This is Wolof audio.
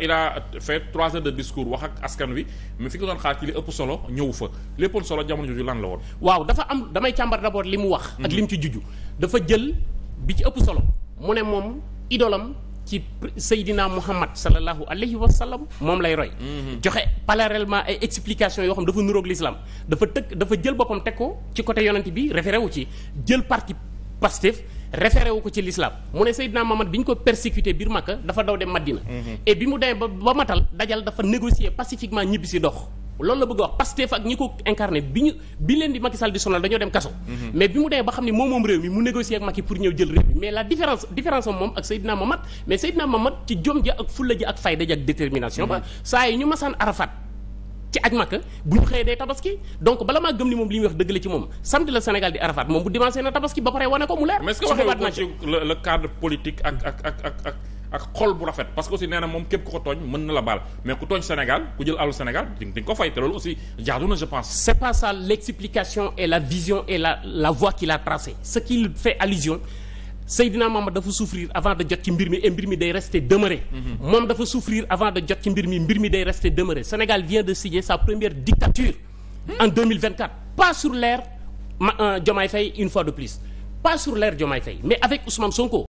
il a fait trois heures de discours wax ak askan wi mais fi nga doon xaar ci li ëpp solo ñëw fa li solo jamono jooju lan la woon. waaw dafa am damay càmbar d'abord li mu wax. ak li mu ci juju dafa jël bi ci ëpp solo mu ne moom idolam ci Seydina Muhammad sallallahu alayhi wa sallam moom lay roy. Mhm. joxe parallèlement ay explication yoo xam dafa nuroog l'islam dafa tëkk dafa jël boppam teg ko ci côté yonent bi référé ci jël parti Pastef. référé wu ko ci l'islam mu ne Seydina Mamad bi ñu ko persécuté biir Makka dafa daw dem Madina. Mhm. et bi mu demee ba ba matal dajal dafa négocier pacifiquement ñibbi si dox. loolu la bëgg wax Pastef ak ñi ko incarné bi ñu bi leen di Macky Sall di sonal dañoo dem kaso. Mhm. mais bi mu demee ba xam ne moom moom réew mi mu négocier ak Macky pour ñëw jël réew mi mais la différence différence moom ak Seydina Mamad mais Seydina Mamad ci jom ja ak fulla ja ak fayda ja ak détermination ba mhm. saa yi ci aj Makka bu ñu xëyee day tabaski donc bala maa gëm ni moom li wax dëgg ci moom samedi la Sénégal di Arafat moom bu dimanche na tabaski ba pare wane ko mu leer. mais est-ce que waxee ci le cadre politique ak ak ak ak xol bu rafet parce que aussi nee na moom képp ku ko tooñ mën na la baal mais ku tooñ Sénégal ku jël àllu Sénégal di nga ko fay te loolu aussi jaadu na je pense. c'est pas ça l'explication et la vision et la voie qu'il a tracée ce Seydina Mohamed dafa souffrir avant de jot ci mbir mi et mbir mi day rester demeuré. Mhm. moom dafa souffrir avant de jot ci mbir mi mbir mi day rester demeuré Sénégal vient de signer sa première dictature hmm. en 2024 pas sur l'ère euh, Diomaye Faye une fois de plus pas sur l'ère Diomaye Faye mais avec Ousmane Sonko